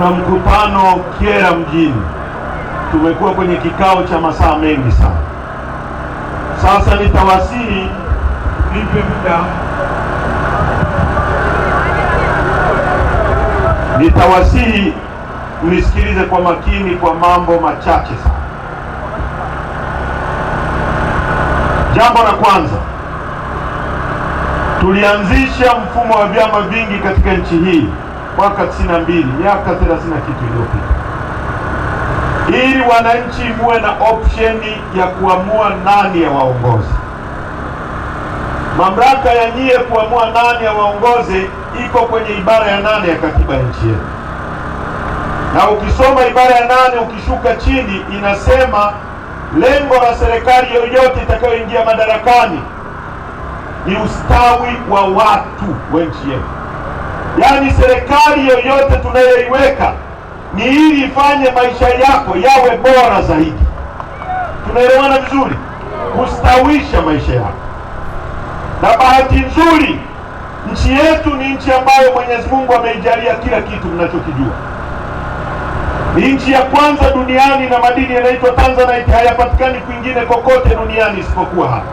Kuna mkutano Kyela mjini, tumekuwa kwenye kikao cha masaa mengi sana. Sasa nitawasili nipe muda, nitawasili mnisikilize kwa makini kwa mambo machache sana. Jambo la kwanza, tulianzisha mfumo wa vyama vingi katika nchi hii mwaka 92 mbili miaka thelathini na kitu iliyopita, ili wananchi muwe na option ya kuamua nani ya waongozi. Mamlaka ya nyie kuamua nani ya waongozi iko kwenye ibara ya nane ya katiba ya nchi yetu, na ukisoma ibara ya nane ukishuka chini inasema lengo la serikali yoyote itakayoingia madarakani ni ustawi wa watu wa nchi yetu. Yaani serikali yoyote tunayoiweka ni ili ifanye maisha yako yawe bora zaidi. Tunaelewana vizuri? Kustawisha maisha yako. Na bahati nzuri nchi yetu ni nchi ambayo Mwenyezi Mungu ameijalia kila kitu mnachokijua. Ni nchi ya kwanza duniani na madini yanaitwa Tanzanite hayapatikani kwingine kokote duniani isipokuwa hapa.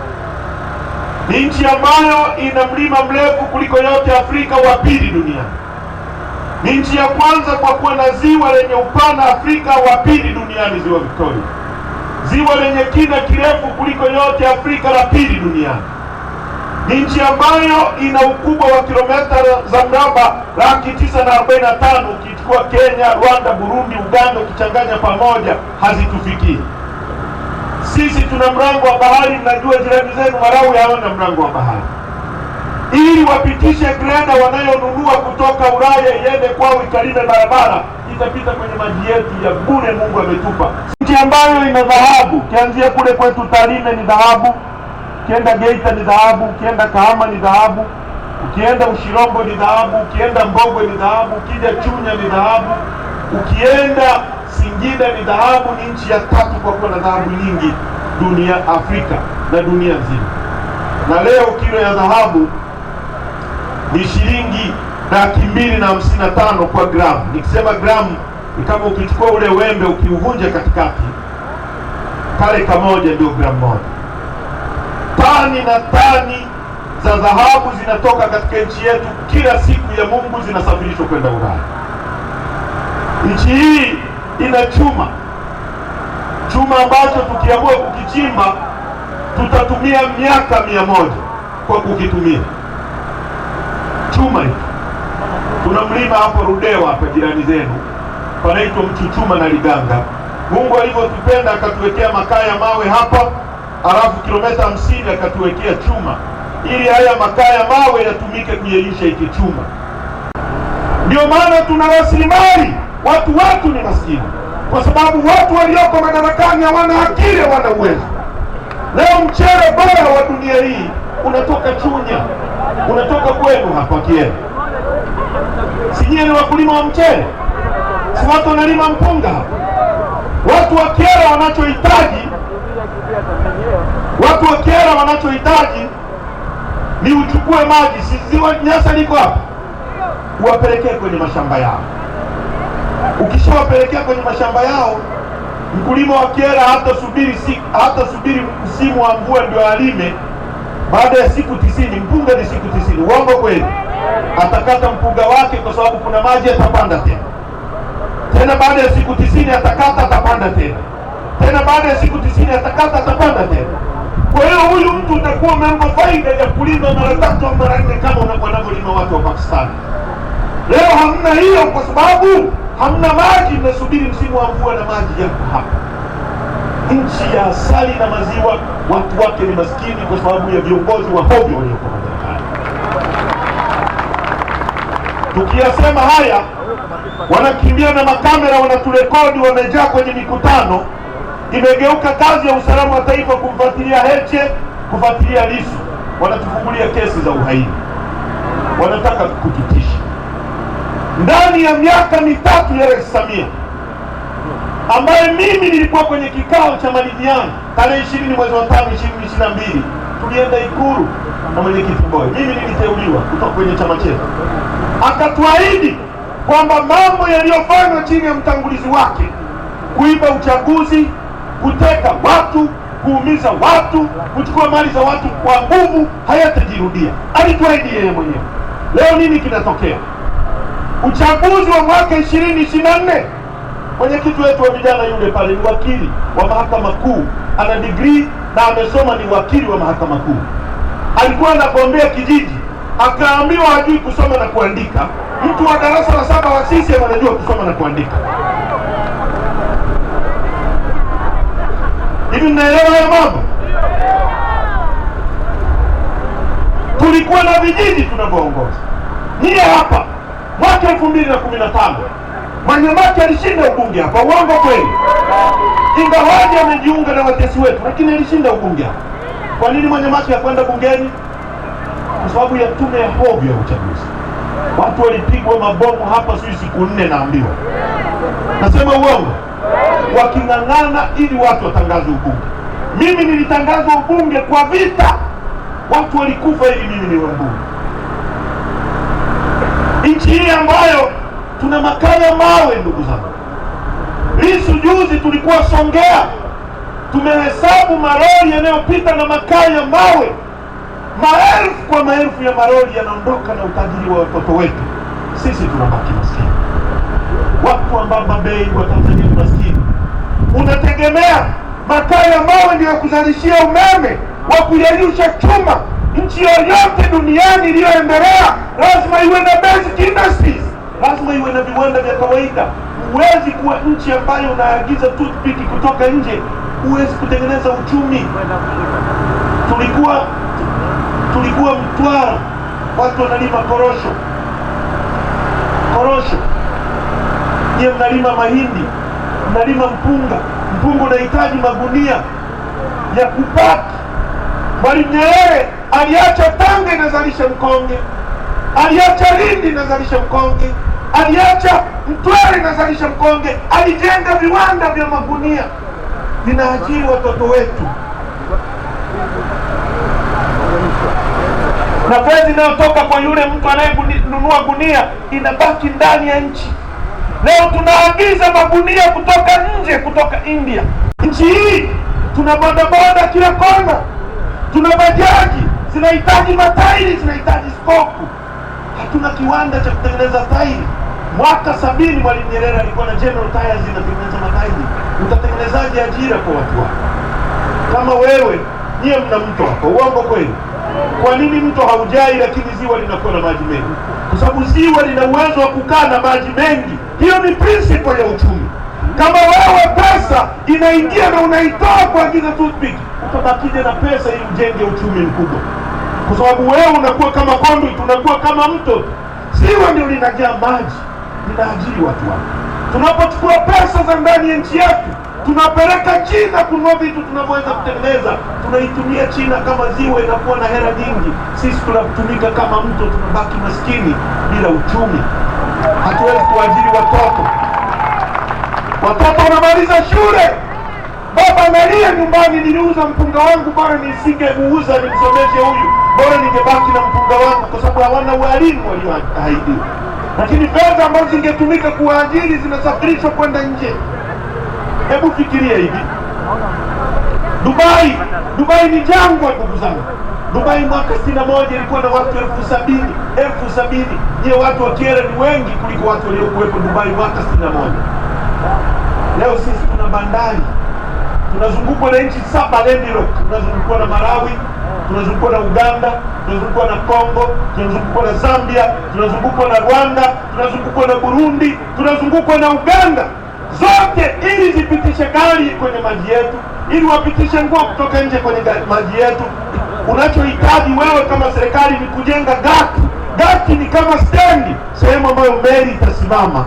Ni nchi ambayo ina mlima mrefu kuliko yote Afrika, wa pili duniani. Ni nchi ya kwanza kwa kuwa na ziwa lenye upana Afrika, wa pili duniani, ziwa Victoria. Ziwa lenye kina kirefu kuliko yote Afrika, la pili duniani. Ni nchi ambayo ina ukubwa wa kilomita za mraba laki tisa na arobaini na tano ukichukua Kenya, Rwanda, Burundi, Uganda ukichanganya pamoja hazitufikii. Sisi tuna mlango wa bahari, mnajua jirani zenu marawi hawana mlango wa bahari, ili wapitishe greda wanayonunua kutoka Ulaya iende kwao ikalime barabara, itapita kwenye maji yetu ya bure Mungu ametupa. Nchi ambayo ina dhahabu, ukianzia kule kwetu Tarime ni dhahabu, ukienda Geita ni dhahabu, ukienda Kahama ni dhahabu, ukienda Ushirombo ni dhahabu, ukienda Mbogwe ni dhahabu, ukija Chunya ni dhahabu, ukienda Singida ni dhahabu, ni nchi ya tatu kwa kuwa na dhahabu nyingi dunia, Afrika na dunia nzima. Na leo kilo ya dhahabu ni shilingi laki mbili na hamsini na tano kwa gramu. Nikisema gramu ni kama ukichukua ule wembe ukiuvunja katikati, kale kamoja ndio gramu moja. Tani na tani za dhahabu zinatoka katika nchi yetu kila siku ya Mungu, zinasafirishwa kwenda Ulaya. Nchi hii ina chuma, chuma ambacho tukiamua kukichimba tutatumia miaka mia moja kwa kukitumia chuma hiki. Kuna mlima hapo Rudewa, hapa jirani zenu, panaitwa Mchuchuma na Liganga. Mungu alivyotupenda akatuwekea makaa ya mawe hapa, alafu kilomita hamsini akatuwekea chuma ili haya makaa ya mawe yatumike kuyeyusha hiki chuma. Ndio maana tuna rasilimali Watu wetu ni maskini, kwa sababu watu walioko madarakani hawana akili, hawana uwezo. Leo mchele bora wa dunia hii unatoka Chunya, unatoka kwenu hapa Kieni. Si ni wakulima wa mchele? Si watu wanalima mpunga? Watu wa Kyela wanachohitaji, watu wa Kyela wanachohitaji ni uchukue maji, si ziwa Nyasa liko hapa, uwapelekee kwenye mashamba yao. Ukishawapelekea kwenye mashamba yao, mkulima wa Kyela hatasubiri si, subiri msimu wa mvua ndio alime. Baada ya siku tisini, mpunga ni siku tisini. Uongo kweli? Atakata mpunga wake kwa sababu kuna maji, atapanda tena tena. Baada ya siku tisini atakata, atapanda tena tena. Baada ya siku tisini atakata, atapanda tena. Kwa hiyo huyu mtu utakuwa umempa faida ya kulima mara tatu au mara nne kama unavyolima watu wa Pakistani. Leo hamna hiyo kwa sababu hamna maji, mnasubiri msimu wa mvua na maji yako hapa. Nchi ya asali na maziwa, watu wake ni maskini kwa sababu ya viongozi wa hovyo walioko madarakani. Tukiyasema haya, wanakimbia na makamera, wanaturekodi, wamejaa kwenye mikutano. Imegeuka kazi ya usalama wa taifa kumfuatilia Heche, kufuatilia lisu wanatufungulia kesi za uhaini, wanataka kututisha ndani ya miaka mitatu ya Rais Samia ambaye mimi nilikuwa kwenye kikao cha maridhiano tarehe ishirini mwezi wa tano ishirini ishirini na mbili tulienda Ikulu na mwenyekiti Mbowe, mimi niliteuliwa kutoka kwenye chama chetu. Akatuahidi kwamba mambo yaliyofanywa chini ya mtangulizi wake, kuiba uchaguzi, kuteka watu, kuumiza watu, kuchukua mali za watu kwa nguvu, hayatajirudia. Alituahidi yeye mwenyewe. Leo nini kinatokea? Uchaguzi wa mwaka ishirini ishirini na nne, mwenyekiti wetu wa vijana yule pale ni wakili wa mahakama kuu, ana degree na amesoma, ni wakili wa mahakama kuu. Alikuwa anagombea kijiji, akaambiwa hajui kusoma na kuandika. Mtu wa darasa la saba wa sisi anajua kusoma na kuandika. Hivi mnaelewa hayo mambo? Tulikuwa na vijiji tunavyoongoza, nyie hapa mwaka elfu mbili na kumi na tano Mwanyamati alishinda ubunge hapa, uongo kweli? Ingawaje amejiunga na watesi wetu, lakini alishinda ubunge hapa. Kwa nini Mwanyamati yakwenda bungeni? Kwa sababu ya tume ya hovyo ya uchaguzi. Watu walipigwa mabomu hapa, sijui siku nne, naambiwa. Nasema uongo? Waking'ang'ana ili watu watangaze ubunge. Mimi nilitangaza ubunge kwa vita, watu walikufa ili mimi niwe mbunge nchi hii ambayo tuna makaa ya mawe. Ndugu zangu, Lisu juzi tulikuwa Songea, tumehesabu malori yanayopita na makaa ya mawe, maelfu kwa maelfu ya malori yanaondoka na utajiri wa watoto wetu. Sisi tunabaki maskini, watu ambamba bei wa Tanzania maskini. Unategemea makaa ya mawe ndio ya kuzalishia umeme wa kuyeyusha chuma Nchi yoyote duniani iliyoendelea lazima iwe na basic industries, lazima iwe na viwanda vya kawaida. Huwezi kuwa nchi ambayo unaagiza toothpick kutoka nje, huwezi kutengeneza uchumi. Tulikuwa tulikuwa Mtwara, watu wanalima korosho, korosho. Nyie mnalima mahindi, mnalima mpunga. Mpunga unahitaji magunia ya kupaki. Mwalimu Nyerere aliacha Tanga inazalisha mkonge, aliacha Lindi inazalisha mkonge, aliacha Mtwara inazalisha mkonge, alijenga viwanda vya magunia vinaajiri watoto wetu. Na fedha inayotoka kwa yule mtu anayenunua gunia inabaki ndani ya nchi. Leo tunaagiza magunia kutoka nje, kutoka India. Nchi hii tuna bodaboda kila kona, tuna bajaji tunahitaji matairi, tunahitaji stoku. Hatuna kiwanda cha kutengeneza tairi. Mwaka sabini Mwalimu Nyerere alikuwa na General Tyres inatengeneza matairi. Utatengenezaje ajira kwa watu wako? Kama wewe niye mna mto hapo, uongo kweli? Kwa nini mto haujai lakini ziwa linakuwa na maji mengi? Kwa sababu ziwa lina uwezo wa kukaa na maji mengi. Hiyo ni principle ya uchumi. Kama wewe pesa inaingia na unaitoa kuagiza toothpick, utabakije na pesa ili ujenge uchumi mkubwa kwa sababu wewe unakuwa kama conduit, unakuwa kama mto. Ziwa ndio linajaa maji, linaajiri watu wake. Tunapochukua pesa za ndani ya nchi yetu tunapeleka China kunua vitu tunavyoweza kutengeneza, tunaitumia China kama ziwa, inakuwa na hela nyingi. Sisi tunatumika kama mto, tunabaki maskini bila uchumi, hatuwezi kuajiri watoto. Watoto wanamaliza shule, baba analia nyumbani, niliuza mpunga wangu bana, nisingemuuza nimsomeshe huyu bora ningebaki na mpunga wangu, kwa sababu hawana walimu walioahidiwa. Lakini fedha ambazo zingetumika kuwaajiri zinasafirishwa kwenda nje. Hebu fikiria hivi, Dubai, Dubai ni jangwa ndugu zangu. Dubai mwaka sitini na moja ilikuwa na watu elfu sabini elfu sabini Je, watu wa Kiera ni wengi kuliko watu waliokuwepo Dubai mwaka sitini na moja Leo sisi tuna bandari, tunazungukwa na nchi saba Rock, tunazungukwa na Malawi tunazungukwa na Uganda, tunazungukwa na Kongo, tunazungukwa na Zambia, tunazungukwa na Rwanda, tunazungukwa na Burundi, tunazungukwa na Uganda zote, ili zipitishe gari kwenye maji yetu, ili wapitishe nguo kutoka nje kwenye maji yetu. Unachohitaji wewe kama serikali ni kujenga gati. Gati ni kama stendi, sehemu ambayo meli itasimama,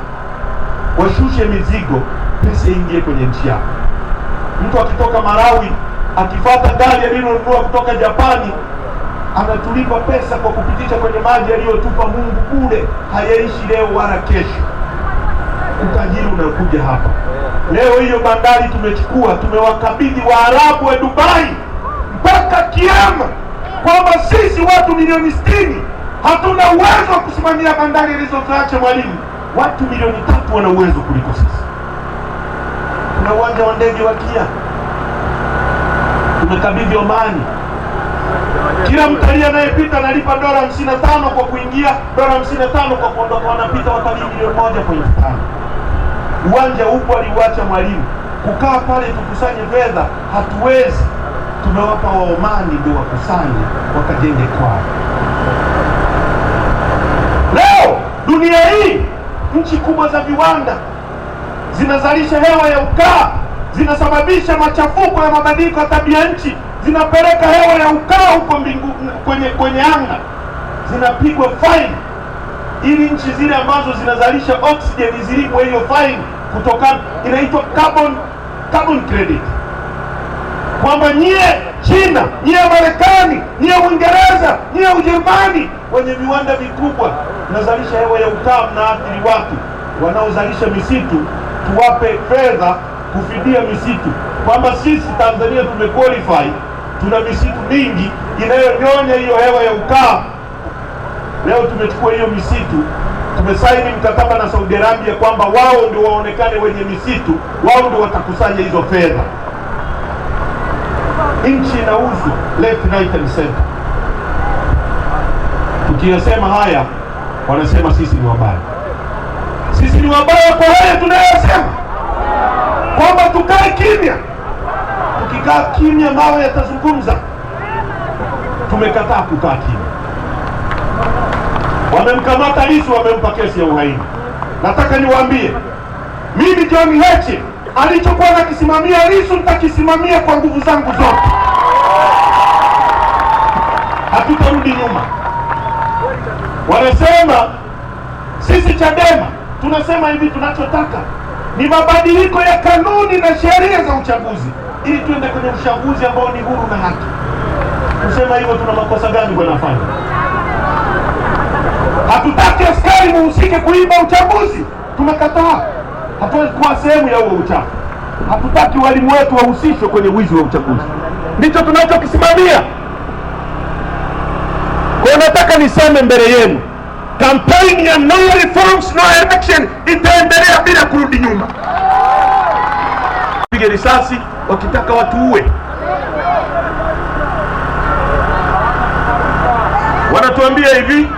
washushe mizigo, pesa ingie kwenye nchi yako. Mtu akitoka Malawi akifata gari alilonunua kutoka Japani, anatulipa pesa kwa kupitisha kwenye maji aliyotupa Mungu kule, hayaishi leo wala kesho. Utajiri unakuja hapa leo. Hiyo bandari tumechukua, tumewakabidhi Waarabu wa Dubai mpaka kiama, kwamba sisi watu milioni sitini hatuna uwezo wa kusimamia bandari alizoziacha Mwalimu. Watu milioni tatu wana uwezo kuliko sisi. Kuna uwanja wa ndege wa KIA nikabidhi Omani. Kila mtalii anayepita analipa dola 55 kwa kuingia, dola 55 kwa kuondoka, wanapita watalii milioni moja point tano. Uwanja upo, aliuacha mwalimu. Kukaa pale tukusanye fedha hatuwezi, tumewapa Waomani ndio wakusanye wakajenge kwao. Leo dunia hii nchi kubwa za viwanda zinazalisha hewa ya ukaa zinasababisha machafuko ya mabadiliko ya tabia nchi, zinapeleka hewa ya ukaa huko mbinguni kwenye kwenye anga, zinapigwa faini ili nchi zile ambazo zinazalisha oksijeni zilipwe hiyo faini, kutokana inaitwa carbon carbon credit, kwamba nyie China, nyie Marekani, nyie Uingereza, nyie Ujerumani wenye viwanda vikubwa nazalisha hewa ya ukaa, mnaathiri watu wanaozalisha misitu, tuwape fedha kufidia misitu, kwamba sisi Tanzania tumequalify, tuna misitu mingi inayonyonya hiyo hewa ya ukaa. Leo tumechukua hiyo misitu, tumesaini mkataba na Saudi Arabia kwamba wao ndio waonekane wenye misitu, wao ndio watakusanya hizo fedha. Nchi inauzwa left right and center. Tukiyasema haya wanasema sisi ni wabaya, sisi ni wabaya kwa haya tunayosema kwamba tukae kimya. Tukikaa kimya, mawe yatazungumza. Tumekataa kukaa kimya. Wamemkamata Lissu, wamempa kesi ya uhaini. Nataka niwaambie mimi John Heche alichokuwa nakisimamia Lissu nitakisimamia kwa nguvu zangu zote, hatutarudi nyuma. Wanasema sisi Chadema tunasema hivi, tunachotaka ni mabadiliko ya kanuni na sheria za uchaguzi ili tuende kwenye uchaguzi ambao ni huru na haki. Kusema hivyo, tuna makosa gani bwana? hatutaki askari muhusike kuiba uchaguzi, tumekataa. Hatuwezi kuwa sehemu ya huo uchafu. Hatutaki walimu wetu wahusishwe kwenye wizi wa uchaguzi, ndicho tunachokisimamia. Kwa nataka niseme mbele yenu Kampeni ya no reforms no election itaendelea bila kurudi nyuma. Pige risasi wakitaka watu uwe, wanatuambia hivi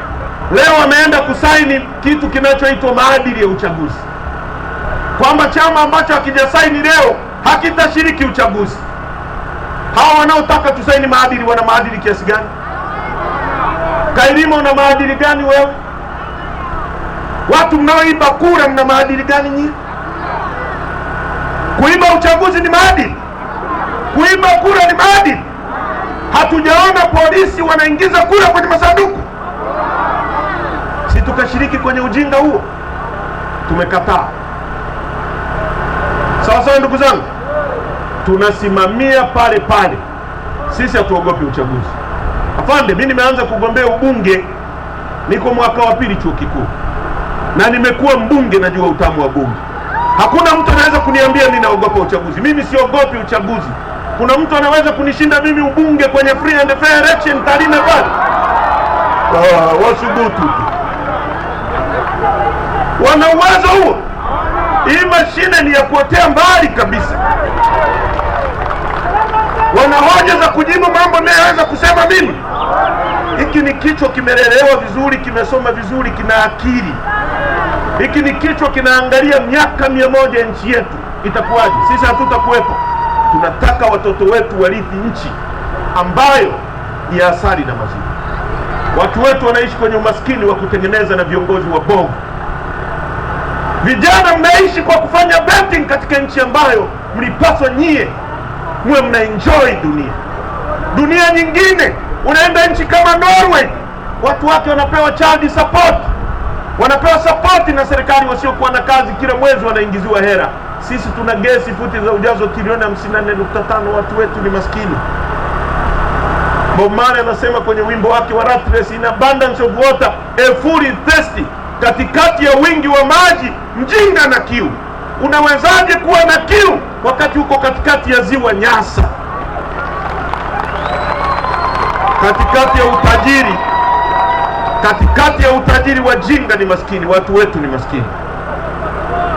leo. Wameenda kusaini kitu kinachoitwa maadili ya uchaguzi, kwamba chama ambacho hakijasaini leo hakitashiriki uchaguzi. Hawa wanaotaka tusaini maadili wana maadili kiasi gani? Kailima, una maadili gani wewe? Watu mnaoiba kura mna maadili gani nyinyi? Kuiba uchaguzi ni maadili? Kuiba kura ni maadili? Hatujaona polisi wanaingiza kura kwenye masanduku, si tukashiriki kwenye ujinga huo? Tumekataa. Sawa sawa, ndugu zangu, tunasimamia pale pale. Sisi hatuogopi uchaguzi. Afande, mimi nimeanza kugombea ubunge, niko mwaka wa pili chuo kikuu na nimekuwa mbunge, najua utamu wa bunge. Hakuna mtu anaweza kuniambia mimi naogopa uchaguzi. Mimi siogopi uchaguzi. Kuna mtu anaweza kunishinda mimi ubunge kwenye free and fair election Tarime pale? Ah, wasubutu wana uwezo huo. Hii mashine ni ya kuotea mbali kabisa. Wana hoja za kujibu mambo ninayoweza kusema mimi. Hiki ni kichwa kimelelewa vizuri, kimesoma vizuri, kina akili hiki ni kichwa kinaangalia miaka mia moja nchi yetu itakuwaje. Sisi hatutakuwepo. Tunataka watoto wetu warithi nchi ambayo ni asali na maziwa. Watu wetu wanaishi kwenye umaskini wa kutengeneza na viongozi wa bongo. Vijana mnaishi kwa kufanya betting katika nchi ambayo mlipaswa nyie muwe mna enjoy dunia. Dunia nyingine unaenda nchi kama Norway, watu wake wanapewa child support wanapewa sapoti na serikali, wasiokuwa na kazi kila mwezi wanaingiziwa hera. Sisi tuna gesi futi za ujazo trilioni tano watu wetu ni maskini. Bob Marley anasema kwenye wimbo wake wa Rattles, in abundance of water a full thirsty, katikati ya wingi wa maji mjinga na kiu. Unawezaje kuwa na kiu wakati uko katikati ya ziwa Nyasa, katikati ya utajiri Katikati ya utajiri wa jinga ni maskini, watu wetu ni maskini.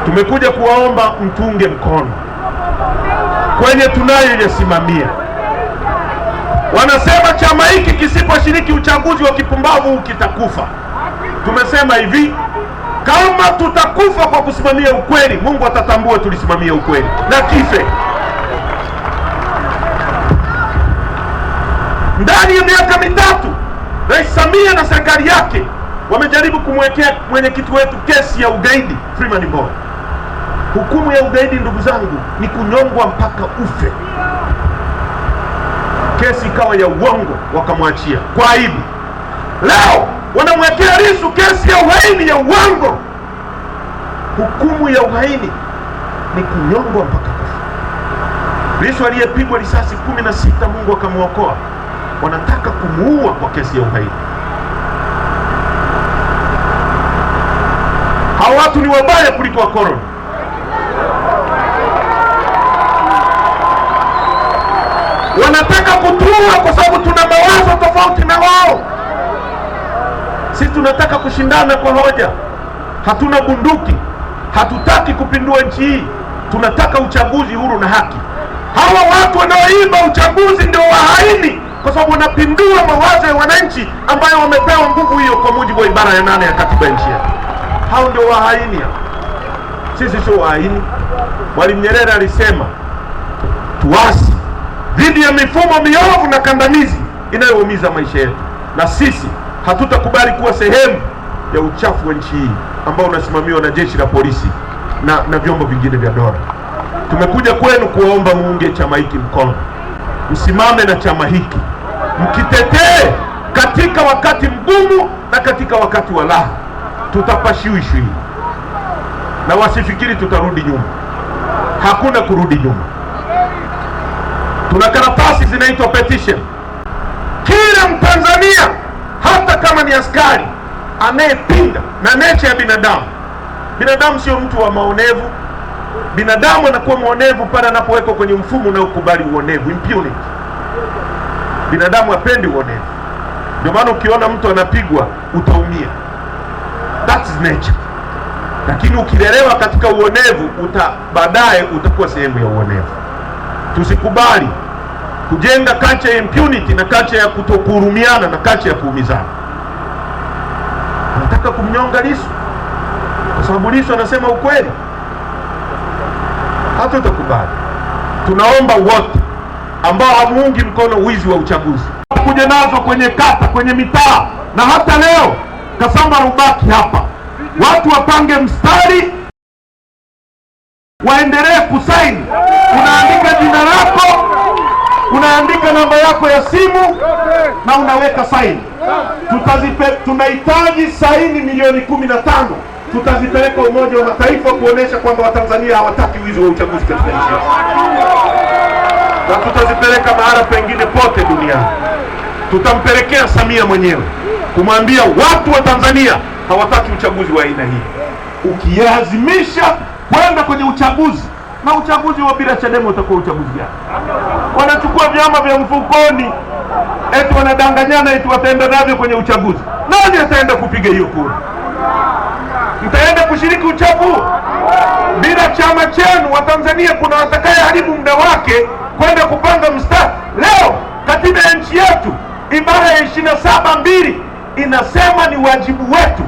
Tumekuja kuwaomba mtunge mkono kwenye tunayoyasimamia. Wanasema chama hiki kisiposhiriki uchaguzi wa kipumbavu kitakufa. Tumesema hivi, kama tutakufa kwa kusimamia ukweli, Mungu atatambua tulisimamia ukweli na kife ndani ya miaka mitatu Rais Samia na serikali yake wamejaribu kumwekea mwenyekiti wetu kesi ya ugaidi Freeman Mbowe. Hukumu ya ugaidi, ndugu zangu, ni kunyongwa mpaka ufe. Kesi ikawa ya uongo, wakamwachia kwa aibu. Leo wanamwekea Lissu kesi ya uhaini ya uongo. Hukumu ya uhaini ni kunyongwa mpaka kufa. Lissu aliyepigwa risasi kumi na sita Mungu akamwokoa, wanataka kumuua kwa kesi ya uhaini. Hawa watu ni wabaya kuliko wakoloni. Wanataka kutua kwa sababu tuna mawazo tofauti na wao. Sisi tunataka kushindana kwa hoja, hatuna bunduki, hatutaki kupindua nchi hii, tunataka uchaguzi huru na haki. Hawa watu wanaoiba uchaguzi ndio wahaini kwa sababu unapindua mawazo ya wananchi ambayo wamepewa nguvu hiyo kwa mujibu wa ibara ya nane ya katiba ya nchi yetu. Hao ndio wahaini. Sisi sio wahaini. Mwalimu Nyerere alisema tuasi dhidi ya mifumo miovu na kandamizi inayoumiza maisha yetu, na sisi hatutakubali kuwa sehemu ya uchafu wa nchi hii ambao unasimamiwa na jeshi la polisi na na vyombo vingine vya dola. Tumekuja kwenu kuwaomba muunge chama hiki mkono, msimame na chama hiki mkitetee katika wakati mgumu na katika wakati wa raha, tutapashiwishwi na wasifikiri tutarudi nyuma. Hakuna kurudi nyuma. Tuna karatasi zinaitwa petition. Kila Mtanzania hata kama ni askari anayepinda na necha ya binadamu, binadamu sio mtu wa maonevu. Binadamu anakuwa mwonevu pale anapowekwa kwenye mfumo unaokubali uonevu, impunity Binadamu hapendi uonevu, ndio maana ukiona mtu anapigwa utaumia, that is nature. Lakini ukilelewa katika uonevu uta baadaye utakuwa sehemu ya uonevu. Tusikubali kujenga culture ya impunity na culture ya kutokuhurumiana na culture ya kuumizana. nataka kumnyonga Lissu kwa sababu Lissu anasema ukweli, utakubali Tunaomba wote ambao hamuungi mkono wizi wa uchaguzi, kuja nazo kwenye kata, kwenye mitaa, na hata leo Kasamba Rubaki hapa, watu wapange mstari, waendelee kusaini. Unaandika jina lako, unaandika namba yako ya simu na unaweka saini. Tutazipe, tunahitaji saini milioni kumi na tano tutazipeleka Umoja wa Mataifa kuonesha kwamba Watanzania hawataki wizi wa uchaguzi katika nchi yetu na tutazipeleka mahala pengine pote duniani. Tutampelekea Samia mwenyewe kumwambia watu wa Tanzania hawataki uchaguzi wa aina hii. ukiyazimisha kwenda kwenye uchaguzi na uchaguzi wa bila Chadema utakuwa uchaguzi gani? Wanachukua vyama vya mfukoni, eti wanadanganyana, eti wataenda navyo kwenye uchaguzi. Nani ataenda kupiga hiyo kura? Mtaenda kushiriki uchaguzi bila chama cha Tanzania kuna watakaye haribu muda wake kwenda kupanga mstari. Leo katiba ya nchi yetu ibara ya ishirini na saba mbili inasema ni wajibu wetu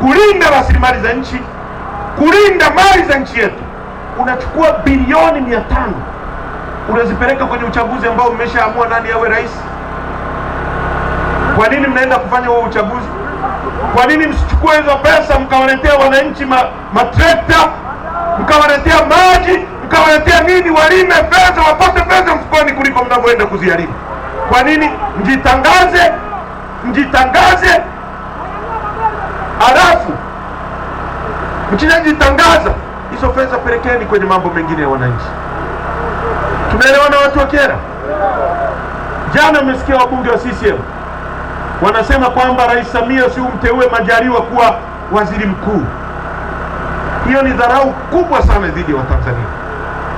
kulinda rasilimali za nchi, kulinda mali za nchi yetu. Unachukua bilioni mia tano unazipeleka kwenye uchaguzi ambao umeshaamua nani awe rais. Kwa nini mnaenda kufanya huo uchaguzi? Kwa nini msichukue hizo pesa mkawaletea wananchi matrekta, mkawaletea maji mkawaletea nini? Walime pesa wapate pesa mfukoni kuliko mnavyoenda kuziharibu. Kwa nini? Mjitangaze, mjitangaze, halafu mkishajitangaza hizo pesa pelekeni kwenye mambo mengine ya wananchi. Tumeelewana watu wa Kera? Jana mmesikia wabunge wa CCM wanasema kwamba Rais Samia si umteue Majaliwa kuwa waziri mkuu. Hiyo ni dharau kubwa sana dhidi ya Watanzania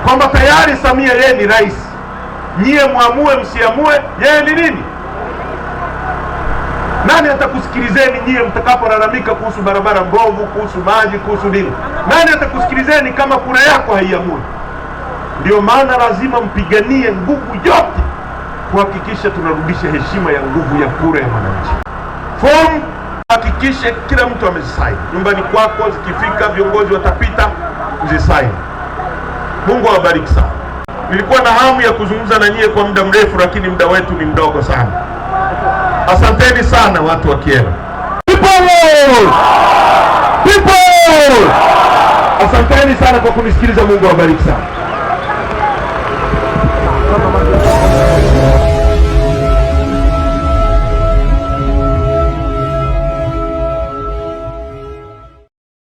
kwamba tayari Samia yeye ni rais, nyie mwamue msiamue, yeye ni nini? Nani atakusikilizeni nyie mtakapolalamika kuhusu barabara mbovu, kuhusu maji, kuhusu nini? Nani atakusikilizeni kama kura yako haiamui? ndio maana lazima mpiganie nguvu yote kuhakikisha tunarudisha heshima ya nguvu ya kura ya mwananchi. Form hakikishe kila mtu amezisaini nyumbani kwako, zikifika viongozi watapita, zisaini. Mungu awabariki sana. Nilikuwa na hamu ya kuzungumza na nyie kwa muda mrefu, lakini muda wetu ni mdogo sana. Asanteni sana watu wa Kyela. Asanteni sana kwa kunisikiliza. Mungu awabariki sana.